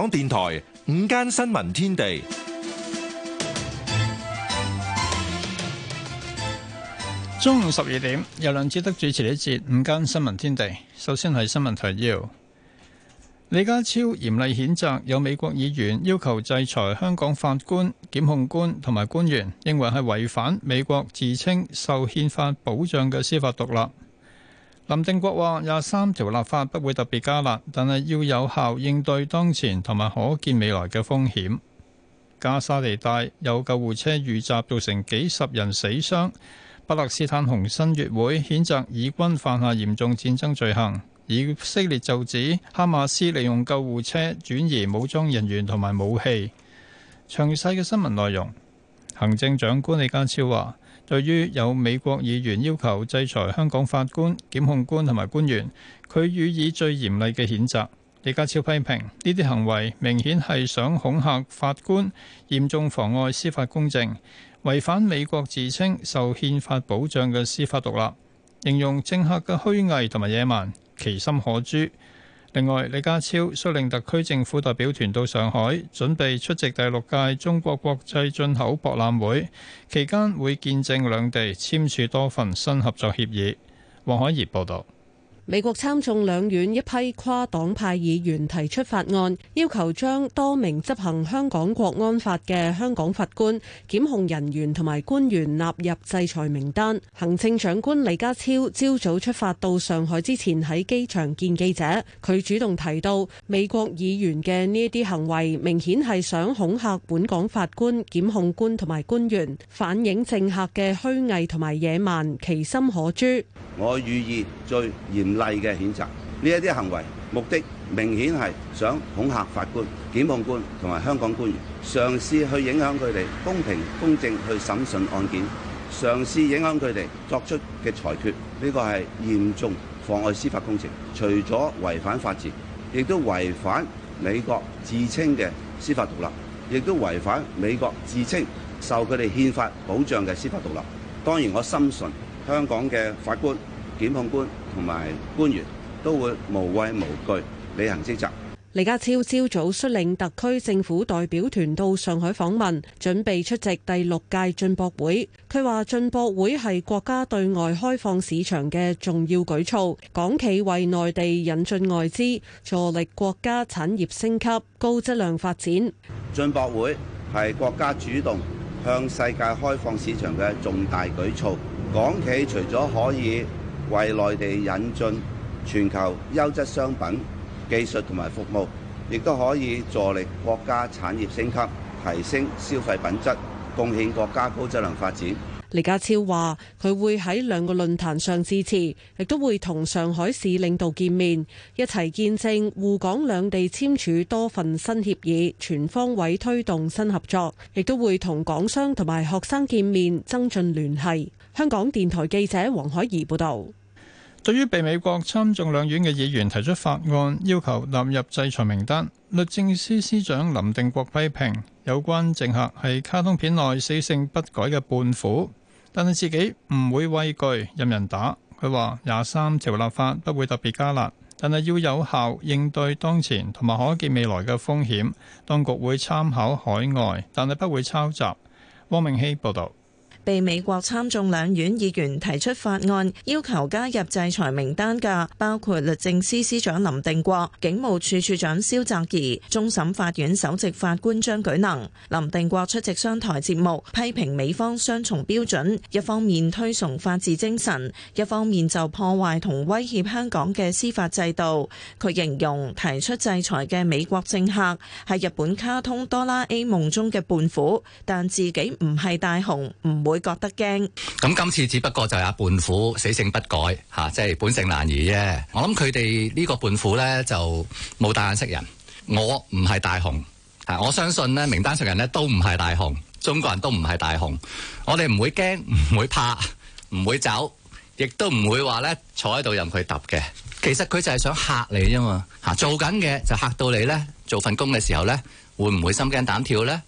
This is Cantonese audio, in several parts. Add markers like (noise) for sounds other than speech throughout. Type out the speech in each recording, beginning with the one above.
港電台午間新聞天地，中午十二點由梁志德主持呢一節午間新聞天地。首先係新聞提要：李家超嚴厲譴責有美國議員要求制裁香港法官、檢控官同埋官員，認為係違反美國自稱受憲法保障嘅司法獨立。林定國話：廿三條立法不會特別加辣，但係要有效應對當前同埋可見未來嘅風險。加沙地帶有救護車遇襲，造成幾十人死傷。巴勒斯坦紅新月會譴責以軍犯下嚴重戰爭罪行，以色列就指哈馬斯利用救護車轉移武裝人員同埋武器。詳細嘅新聞內容，行政長官李家超話。對於有美國議員要求制裁香港法官、檢控官同埋官員，佢予以最嚴厲嘅譴責。李家超批評呢啲行為明顯係想恐嚇法官，嚴重妨礙司法公正，違反美國自稱受憲法保障嘅司法獨立，形容政客嘅虛偽同埋野蠻，其心可誅。另外，李家超率領特區政府代表團到上海，準備出席第六屆中國國際進口博覽會，期間會見證兩地簽署多份新合作協議。王海怡報道。美國參眾兩院一批跨黨派議員提出法案，要求將多名執行香港國安法嘅香港法官、檢控人員同埋官員納入制裁名單。行政長官李家超朝早出發到上海之前喺機場見記者，佢主動提到美國議員嘅呢啲行為明顯係想恐嚇本港法官、檢控官同埋官員，反映政客嘅虛偽同埋野蠻，其心可誅。我最例嘅譴責，呢一啲行為目的明顯係想恐嚇法官、檢控官同埋香港官員，嘗試去影響佢哋公平公正去審訊案件，嘗試影響佢哋作出嘅裁決。呢個係嚴重妨礙司法公正，除咗違反法治，亦都違反美國自稱嘅司法獨立，亦都違反美國自稱受佢哋憲法保障嘅司法獨立。當然，我深信香港嘅法官。檢控官同埋官員都會無畏無懼履行職責。李家超朝早率領特區政府代表團到上海訪問，準備出席第六屆進博會。佢話：進博會係國家對外開放市場嘅重要舉措，港企為內地引進外資，助力國家產業升級、高質量發展。進博會係國家主動向世界開放市場嘅重大舉措，港企除咗可以為內地引進全球優質商品、技術同埋服務，亦都可以助力國家產業升級，提升消費品質，貢獻國家高質量發展。李家超話：佢會喺兩個論壇上致辭，亦都會同上海市領導見面，一齊見證滬港兩地簽署多份新協議，全方位推動新合作。亦都會同港商同埋學生見面，增進聯繫。香港電台記者黃海怡報導。對於被美國參眾兩院嘅議員提出法案要求納入制裁名單，律政司司長林定國批評有關政客係卡通片內死性不改嘅半虎，但係自己唔會畏懼任人打。佢話：廿三條立法不會特別加辣，但係要有效應對當前同埋可見未來嘅風險，當局會參考海外，但係不會抄襲。汪明希報導。被美國參眾兩院議員提出法案要求加入制裁名單嘅，包括律政司司長林定國、警務處處長蕭澤頤、終審法院首席法官，官張舉能。林定國出席商台節目，批評美方雙重標準，一方面推崇法治精神，一方面就破壞同威脅香港嘅司法制度。佢形容提出制裁嘅美國政客係日本卡通哆啦 A 夢中嘅胖虎，但自己唔係大雄，唔會會覺得驚，咁今次只不過就阿胖虎死性不改吓，即係本性難移啫。我諗佢哋呢個胖虎呢就冇大眼識人，我唔係大雄吓，我相信呢名單上人呢都唔係大雄，中國人都唔係大雄，我哋唔會驚，唔會怕，唔會走，亦都唔會話呢坐喺度任佢揼嘅。其實佢就係想嚇你啫嘛吓，做緊嘅就嚇到你呢，做份工嘅時候呢會唔會心驚膽跳呢？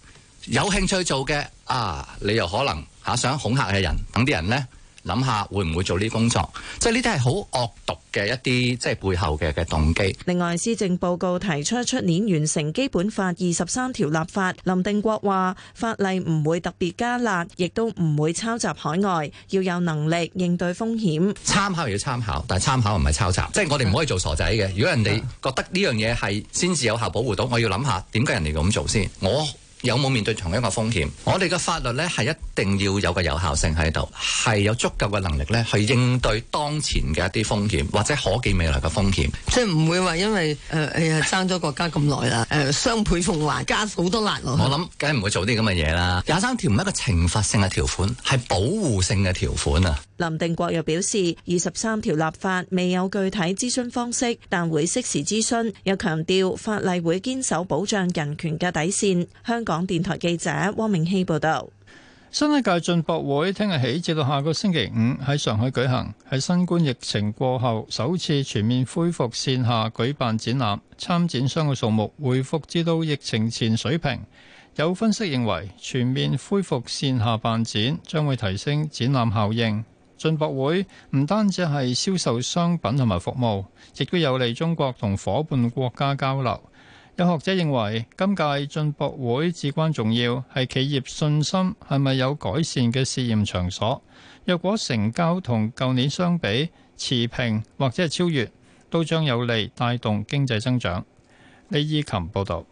有興趣做嘅啊，你又可能。嚇想恐嚇嘅人，等啲人呢，諗下會唔會做呢啲工作？即係呢啲係好惡毒嘅一啲，即係背後嘅嘅動機。另外，施政報告提出出年完成基本法二十三條立法。林定國話：法例唔會特別加辣，亦都唔會抄襲海外，要有能力應對風險。參考要參考，但係參考唔係抄襲。 (laughs) 即係我哋唔可以做傻仔嘅。如果人哋覺得呢樣嘢係先至有效保護到，我要諗下點解人哋咁做先。我有冇面對同一個風險？我哋嘅法律呢，係一定要有個有效性喺度，係有足夠嘅能力呢去應對當前嘅一啲風險，或者可見未來嘅風險。即係唔會話因為誒誒爭咗國家咁耐啦，誒、呃、雙倍奉還加好多辣落去。我諗梗係唔會做啲咁嘅嘢啦。廿三條唔係一個懲罰性嘅條款，係保護性嘅條款啊。林定國又表示，二十三條立法未有具體諮詢方式，但會適時諮詢。又強調，法例會堅守保障人權嘅底線。香港電台記者汪明熙報道，新一屆進博會聽日起至到下個星期五喺上海舉行，喺新冠疫情過後首次全面恢復線下舉辦展覽。參展商嘅數目回復至到疫情前水平。有分析認為，全面恢復線下辦展將會提升展覽效應。進博會唔單止係銷售商品同埋服務，亦都有利中國同伙伴國家交流。有學者認為，今屆進博會至關重要，係企業信心係咪有改善嘅試驗場所。若果成交同舊年相比持平或者係超越，都將有利帶動經濟增長。李依琴報導。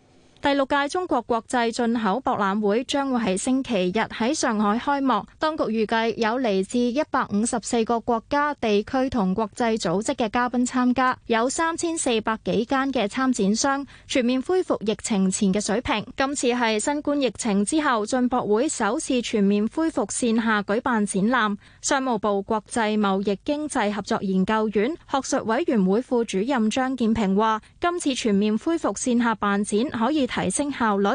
第六屆中國國際進口博覽會將會喺星期日喺上海開幕，當局預計有嚟自一百五十四個國家、地區同國際組織嘅嘉賓參加，有三千四百幾間嘅參展商，全面恢復疫情前嘅水平。今次係新冠疫情之後進博會首次全面恢復綫下舉辦展覽。商務部國際貿易經濟合作研究院學術委員會副主任張建平話：今次全面恢復綫下辦展可以。提升效率，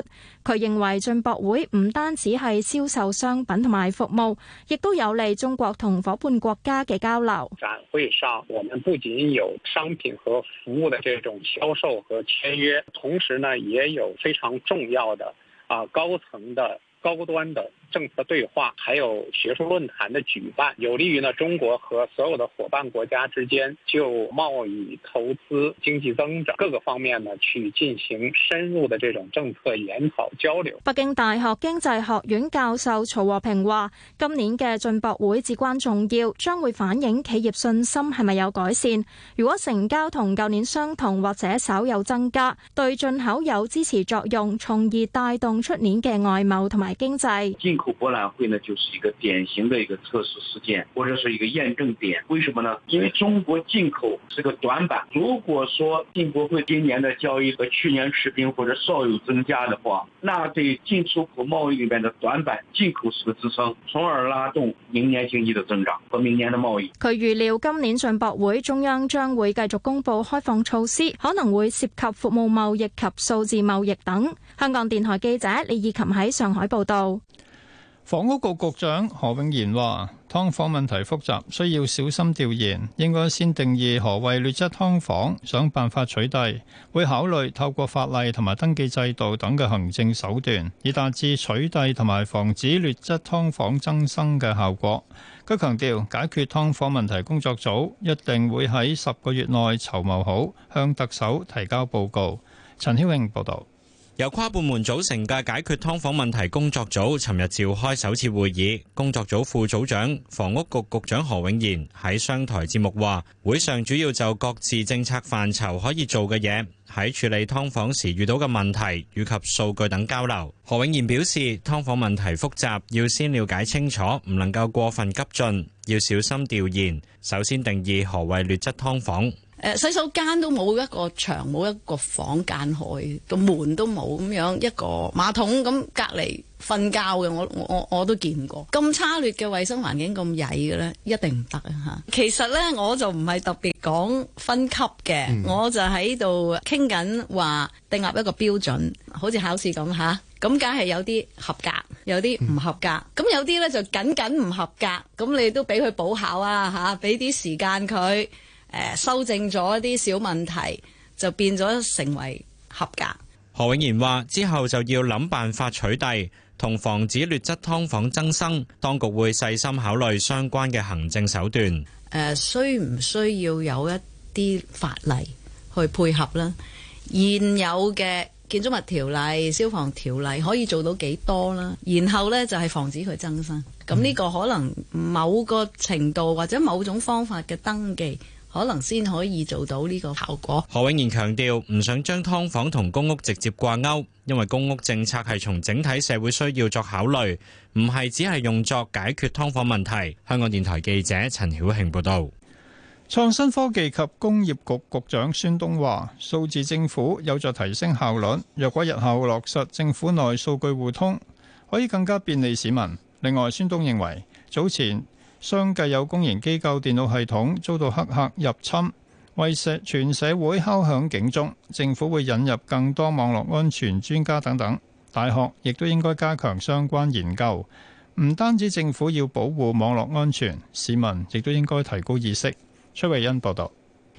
佢認為進博會唔單止係銷售商品同埋服務，亦都有利中國同伙伴國家嘅交流。展會上，我們不僅有商品和服務的這種銷售和簽約，同時呢，也有非常重要的啊高層的高端的政策對話，還有學術論壇的舉辦，有利於呢中國和所有的伙伴國家之間就貿易、投資、經濟增長各個方面呢去進行深入的這種政策研討交流。北京大學經濟學院教授曹和平話，今年嘅進博會至關重要，將會反映企業信心係咪有改善。如果成交同舊年相同或者稍有增加，對進口有支持作用，從而帶動出年嘅外貿同埋經濟。國博覽會呢，就是一個典型的一個測試事件，或者是一個驗證點。為什麼呢？因為中國進口是個短板。如果說進博會今年的交易和去年持平或者稍有增加的話，那對進出口貿易裏面的短板進口是個支撐，從而拉動明年經濟的增長和明年的貿易。佢預料今年進博會中央將會繼續公布開放措施，可能會涉及服務貿易及數字貿易等。香港電台記者李義琴喺上海報道。房屋局局長何永賢話，劏房問題複雜，需要小心調研，應該先定義何謂劣質劏房，想辦法取締。會考慮透過法例同埋登記制度等嘅行政手段，以達至取締同埋防止劣質劏房增生嘅效果。佢強調，解決㓥房問題工作組一定會喺十個月內籌謀好，向特首提交報告。陳曉穎報道。由跨部門組成嘅解決劏房問題工作組，尋日召開首次會議。工作組副組長房屋局局長何永賢喺商台節目話：會上主要就各自政策範疇可以做嘅嘢，喺處理劏房時遇到嘅問題以及數據等交流。何永賢表示，㓥房問題複雜，要先了解清楚，唔能夠過分急進，要小心調研。首先定義何謂劣質㓥房。誒洗手間都冇一個牆，冇一個房間開，個門都冇，咁樣一個馬桶咁隔離瞓覺嘅，我我我我都見過咁差劣嘅衞生環境咁曳嘅咧，一定唔得啊！嚇，其實咧我就唔係特別講分級嘅，我就喺度傾緊話定立一個標準，好似考試咁嚇，咁梗係有啲合格，有啲唔合格，咁有啲咧就僅僅唔合格，咁你都俾佢補考啊嚇，俾啲時間佢。修正咗一啲小問題，就變咗成為合格。何永賢話：之後就要諗辦法取締同防止劣質劏房增生，當局會細心考慮相關嘅行政手段。呃，需唔需要有一啲法例去配合呢？現有嘅建築物條例、消防條例可以做到幾多呢？然後呢，就係防止佢增生。咁呢個可能某個程度或者某種方法嘅登記。可能先可以做到呢個效果。何永賢強調唔想將劏房同公屋直接掛鈎，因為公屋政策係從整體社會需要作考慮，唔係只係用作解決劏房問題，香港電台記者陳曉慶報道。創新科技及工業局局局長孫東話數字政府有助提升效率，若果日後落實政府內數據互通，可以更加便利市民。另外，孫東認為早前。相繼有公營機構電腦系統遭到黑客入侵，為社全社會敲響警鐘。政府會引入更多網絡安全專家等等，大學亦都應該加強相關研究。唔單止政府要保護網絡安全，市民亦都應該提高意識。崔慧欣報道。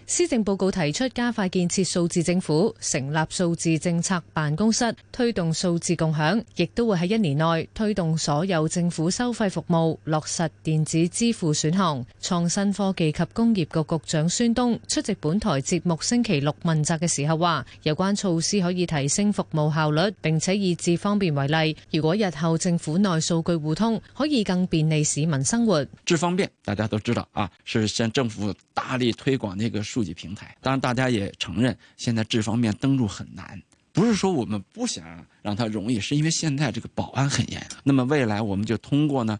施政報告提出加快建設數字政府，成立數字政策辦公室，推動數字共享，亦都會喺一年內推動所有政府收費服務落實電子支付選項。創新科技及工業局局，局長孫東出席本台節目星期六問責嘅時候話：有關措施可以提升服務效率，並且以智方便為例。如果日後政府內數據互通，可以更便利市民生活。智方便大家都知道啊，是向政府大力推廣呢個。數據平台，當然大家也承認，現在這方面登錄很難，不是說我們不想讓它容易，是因為現在這個保安很嚴。那麼未來我們就通過呢。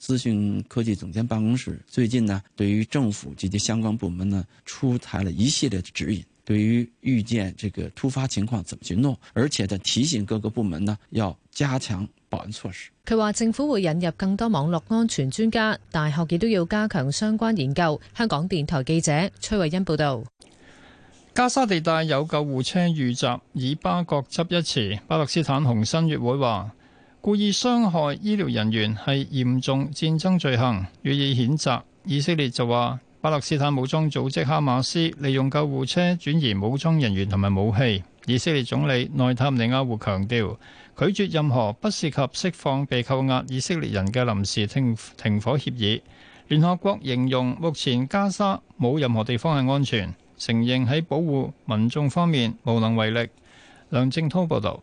資訊科技總監辦公室最近呢，對於政府及其相關部門呢，出台了一系列指引，對於遇見這個突發情況怎麼去弄，而且提醒各個部門呢，要加強保安措施。佢話政府會引入更多網絡安全專家，大學亦都要加強相關研究。香港電台記者崔慧欣報道。加沙地帶有救護車遇襲，以巴各執一詞。巴勒斯坦紅新月會話。故意傷害醫療人員係嚴重戰爭罪行，予以譴責，以色列就話巴勒斯坦武裝組織哈馬斯利用救護車轉移武裝人員同埋武器。以色列總理內塔尼亞胡強調，拒絕任何不涉及釋放被扣押以色列人嘅臨時停停火協議。聯合國形容目前加沙冇任何地方係安全，承認喺保護民眾方面無能為力。梁正濤報道。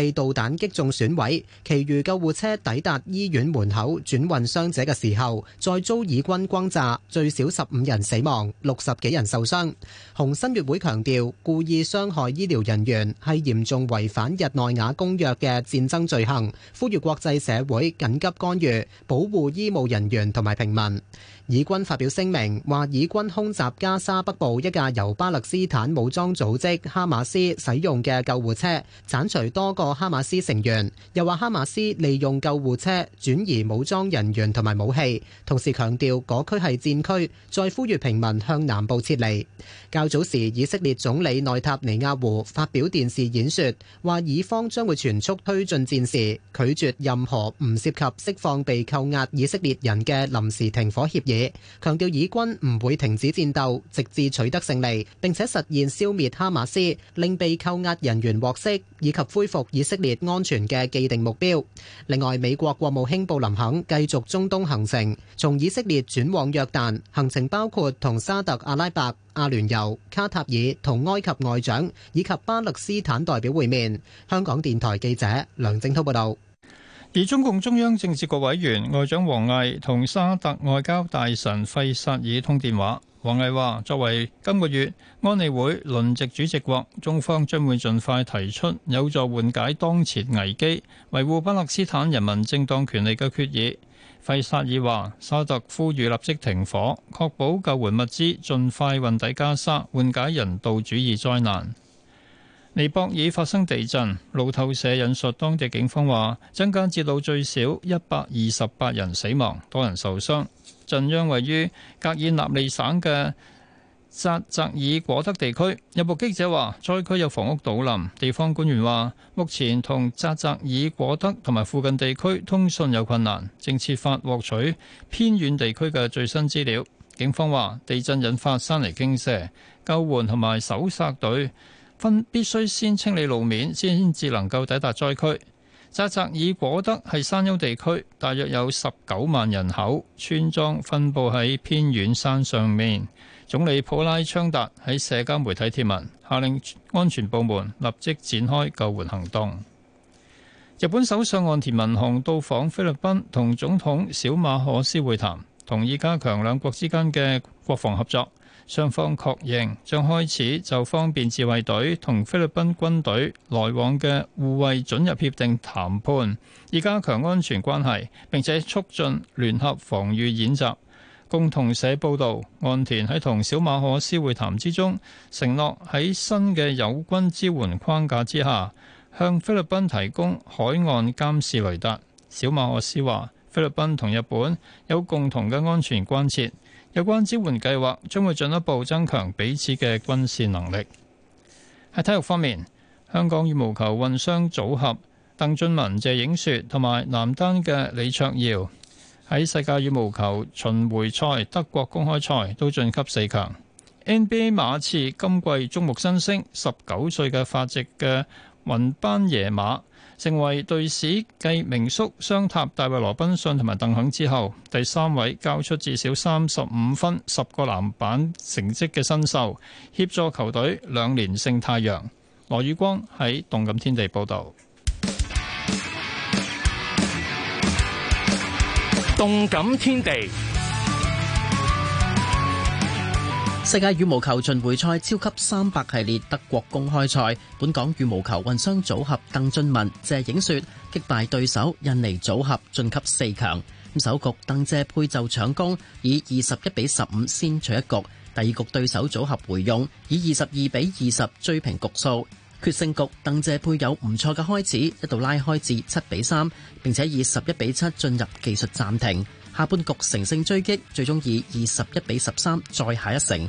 被導彈擊中損毀，其餘救護車抵達醫院門口轉運傷者嘅時候，再遭以軍轟炸，最少十五人死亡，六十幾人受傷。紅新月會強調，故意傷害醫療人員係嚴重違反日內瓦公約嘅戰爭罪行，呼籲國際社會緊急干預，保護醫務人員同埋平民。以軍發表聲明，話以軍空襲加沙北部一架由巴勒斯坦武裝組織哈馬斯使用嘅救護車，斬除多個哈馬斯成員。又話哈馬斯利用救護車轉移武裝人員同埋武器。同時強調，嗰區係戰區，再呼籲平民向南部撤離。較早時，以色列總理內塔尼亞胡發表電視演說，話以方將會全速推進戰時，拒絕任何唔涉及釋放被扣押以色列人嘅臨時停火協議。強調以軍唔會停止戰鬥，直至取得勝利，並且實現消滅哈馬斯、令被扣押人員獲釋以及恢復以色列安全嘅既定目標。另外，美國國務卿布林肯繼續中東行程，從以色列轉往約旦，行程包括同沙特阿拉伯、阿聯酋、卡塔爾同埃及外長以及巴勒斯坦代表會面。香港電台記者梁正濤報道。而中共中央政治局委員外長王毅同沙特外交大臣費薩爾通電話，王毅話作為今個月安理會輪值主席國，中方將會盡快提出有助緩解當前危機，維護巴勒斯坦人民正當權利嘅決議。費薩爾話沙特呼籲立即停火，確保救援物資盡快運抵加沙，緩解人道主義災難。尼泊爾發生地震，路透社引述當地警方話，增加至到最少一百二十八人死亡，多人受傷。震央位於格爾納利省嘅扎扎爾果德地區。有目擊者話，災區有房屋倒冧，地方官員話，目前同扎扎爾果德同埋附近地區通訊有困難，正設法獲取偏遠地區嘅最新資料。警方話，地震引發山泥傾瀉，救援同埋搜索隊分必須先清理路面，先至能夠抵達災區。扎扎爾果德係山丘地區，大約有十九萬人口，村莊分布喺偏遠山上面。總理普拉昌達喺社交媒體貼文，下令安全部門立即展開救援行動。日本首相岸田文雄到訪菲律賓，同總統小馬可斯會談，同意加強兩國之間嘅國防合作。雙方確認將開始就方便自衛隊同菲律賓軍隊來往嘅護衛准入協定談判，以加強安全關係，並且促進聯合防禦演習。共同社報導，岸田喺同小馬可斯會談之中，承諾喺新嘅友軍支援框架之下，向菲律賓提供海岸監視雷達。小馬可斯話，菲律賓同日本有共同嘅安全關切。有關支援計劃將會進一步增強彼此嘅軍事能力。喺體育方面，香港羽毛球混雙組合鄧俊文、謝影雪同埋男單嘅李卓耀喺世界羽毛球巡迴賽德國公開賽都晉級四強。NBA 馬刺今季矚目新星，十九歲嘅法籍嘅雲班耶馬，成為隊史繼名宿雙塔大衛羅賓遜同埋鄧肯之後第三位交出至少三十五分、十個籃板成績嘅新秀，協助球隊兩連勝太陽。羅宇光喺動感天地報道。動感天地。報導動感天地世界羽毛球巡回賽超級三百系列德國公開賽，本港羽毛球混雙組合鄧俊文、謝影雪擊敗對手印尼組合，晉級四強，首局鄧謝配就搶攻，以二十一比十五先取一局。第二局對手組合回勇，以二十二比二十追平局數。決勝局鄧謝配有唔錯嘅開始，一度拉開至七比三，並且以十一比七進入技術暫停。下半局乘勝追擊，最終以二十一比十三再下一城。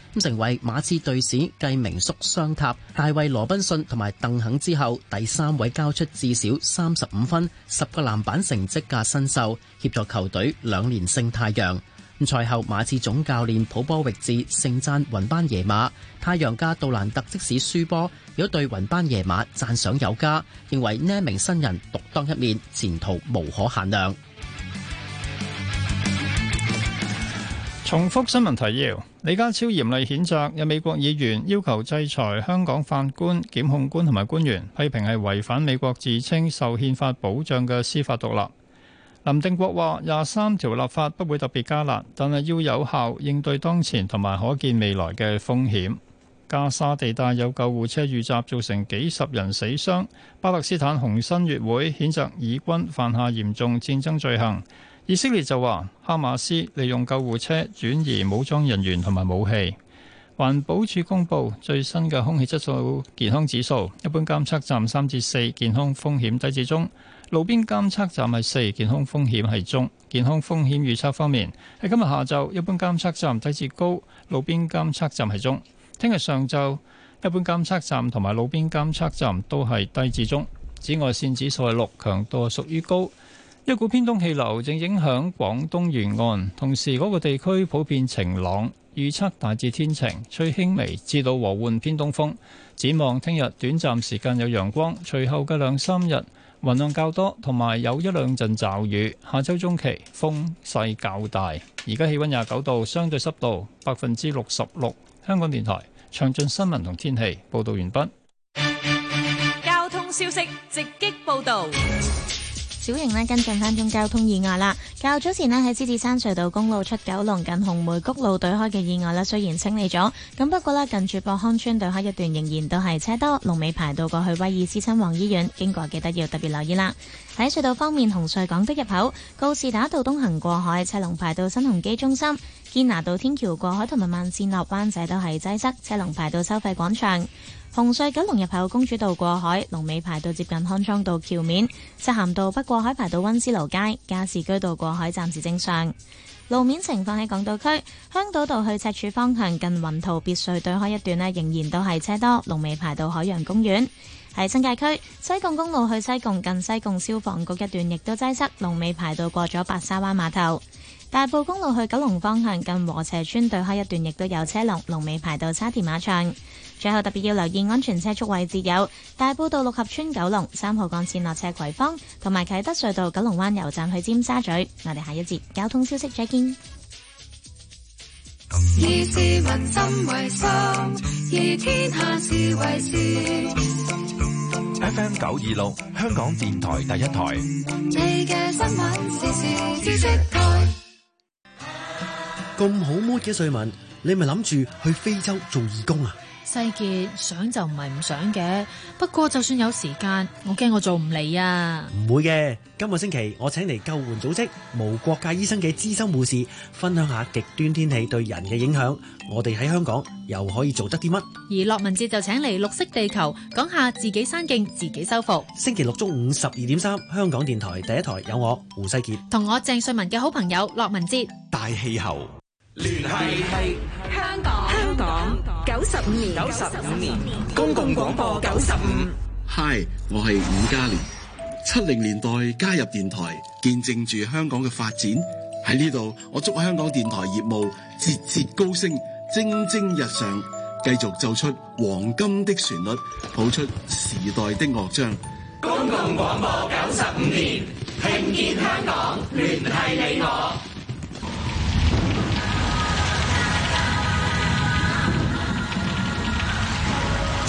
咁成為馬刺隊史繼名宿雙塔大衛羅賓信同埋鄧肯之後第三位交出至少三十五分、十個籃板成績嘅新秀，協助球隊兩年勝太陽。咁賽後馬刺總教練普波域志盛讚雲班野馬，太陽家杜蘭特即使輸波，亦都對雲班野馬讚賞有加，認為呢名新人獨當一面，前途無可限量。重複新聞提要：李家超嚴厲譴責有美國議員要求制裁香港法官、檢控官同埋官員，批評係違反美國自稱受憲法保障嘅司法獨立。林定國話廿三條立法不會特別加辣，但係要有效應對當前同埋可見未來嘅風險。加沙地帶有救護車遇襲，造成幾十人死傷。巴勒斯坦紅新月會譴責以軍犯下嚴重戰爭罪行。以色列就話，哈馬斯利用救護車轉移武裝人員同埋武器。環保署公布最新嘅空氣質素健康指數，一般監測站三至四，健康風險低至中；路邊監測站係四，健康風險係中。健康風險預測方面，喺今日下晝，一般監測站低至高，路邊監測站係中。聽日上晝，一般監測站同埋路邊監測站都係低至中。紫外線指數係六，強度屬於高。一股偏東氣流正影響廣東沿岸，同時嗰個地區普遍晴朗，預測大致天晴，吹輕微至到和緩偏東風。展望聽日短暫時間有陽光，隨後嘅兩三日雲量較多，同埋有一兩陣驟雨。下周中期風勢較大，而家氣温廿九度，相對濕度百分之六十六。香港電台詳盡新聞同天氣報導完畢。交通消息直擊報導。小型呢跟進返宗交通意外啦。較早前呢，喺獅子山隧道公路出九龍近紅梅谷路對開嘅意外呢，雖然清理咗，咁不過呢，近住博康村對開一段仍然都係車多，龍尾排到過去威爾斯親王醫院，經過記得要特別留意啦。喺隧道方面，紅隧港島入口、告士打道東行過海、車龍排到新鴻基中心、堅拿道天橋過海同埋慢線落灣仔都係擠塞，車龍排到收費廣場。紅隧九龍入口公主道過海，龍尾排到接近康莊道橋面；漆咸道北過海排到溫思勞街，加士居道過海暫時正常。路面情況，喺港島區，香島道去赤柱方向近雲圖別墅對開一段呢，仍然都係車多，龍尾排到海洋公園。喺新界區西貢公路去西貢近西貢消防局一段亦都擠塞，龍尾排到過咗白沙灣碼頭。大埔公路去九龍方向近禾輋村對開一段亦都有車龍，龍尾排到沙田馬場。最後特別要留意安全車速位置有大埔道六合村、九龍三號幹線落斜葵芳，同埋啟德隧道九龍灣油站去尖沙咀。我哋下一節交通消息再見。以市民心為心，以天下事為事。FM 九二六，香港電台第一台，你嘅新聞時時知識台。咁好 mood 嘅瑞文，你咪諗住去非洲做義工啊？世杰想就唔係唔想嘅，不過就算有時間，我驚我做唔嚟啊！唔會嘅，今個星期我請嚟救援組織、無國界醫生嘅資深護士，分享下極端天氣對人嘅影響。我哋喺香港又可以做得啲乜？而駱文哲就請嚟綠色地球，講下自己山徑自己修復。星期六中午十二點三，香港電台第一台有我胡世杰，同我鄭瑞文嘅好朋友駱文哲，大氣候。聯繫繫香港，香港九十五年，九十五年，年公共廣播九十五。Hi，我係伍嘉廉，七零年代加入電台，見證住香港嘅發展。喺呢度，我祝香港電台業務節節高升，蒸蒸日上，繼續奏出黃金的旋律，譜出時代的樂章。公共廣播九十五年，聽見香港，聯繫你我。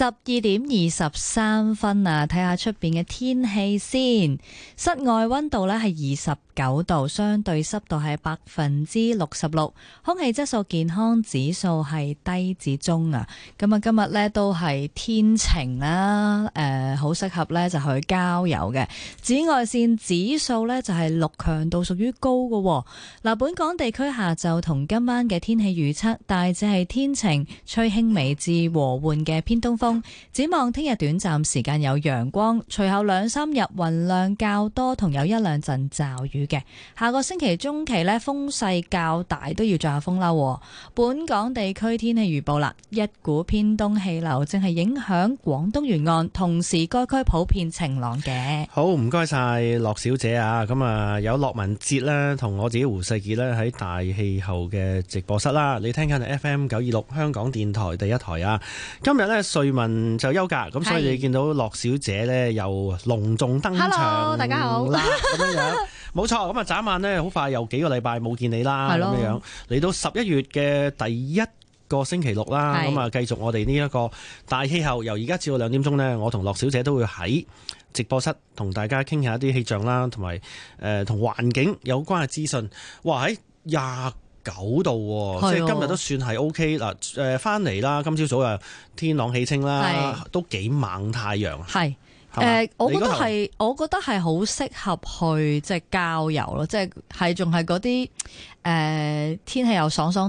十二點二十三分啊，睇下出邊嘅天氣先。室外溫度呢係二十九度，相對濕度係百分之六十六，空氣質素健康指數係低至中啊。咁啊，今日呢都係天晴啦，誒、呃，好適合呢就去郊遊嘅。紫外線指數呢就係六強度，屬於高嘅。嗱，本港地區下晝同今晚嘅天氣預測大致係天晴，吹輕微至和緩嘅偏東風。展望聽日短暫時間有陽光，隨後兩三日雲量較多同有一兩陣驟雨嘅。下個星期中期呢，風勢較大，都要着下風褸。本港地區天氣預報啦，一股偏東氣流正係影響廣東沿岸，同時該區普遍晴朗嘅。好，唔該晒樂小姐啊，咁啊有樂文哲啦，同我自己胡世杰呢，喺大氣候嘅直播室啦，你聽緊係 F M 九二六香港電台第一台啊。今日呢，稅務。就休假，咁所以你見到樂小姐咧又隆重登場，大家好啦。咁樣冇錯，咁啊，眨眼咧好快又幾個禮拜冇見你啦，咁樣嚟到十一月嘅第一個星期六啦，咁啊，繼續我哋呢一個大氣候，由而家至到兩點鐘咧，我同樂小姐都會喺直播室同大家傾下一啲氣象啦，同埋誒同環境有關嘅資訊。哇，喺入九度，即係今日都算係 O K 嗱，誒，翻嚟啦，今朝早啊，天朗氣清啦，係都幾猛太陽。係的，誒吧、呃，我覺得係，我覺得係好適合去即係、就是、郊遊咯，即係係仲係啲誒天氣又爽爽的。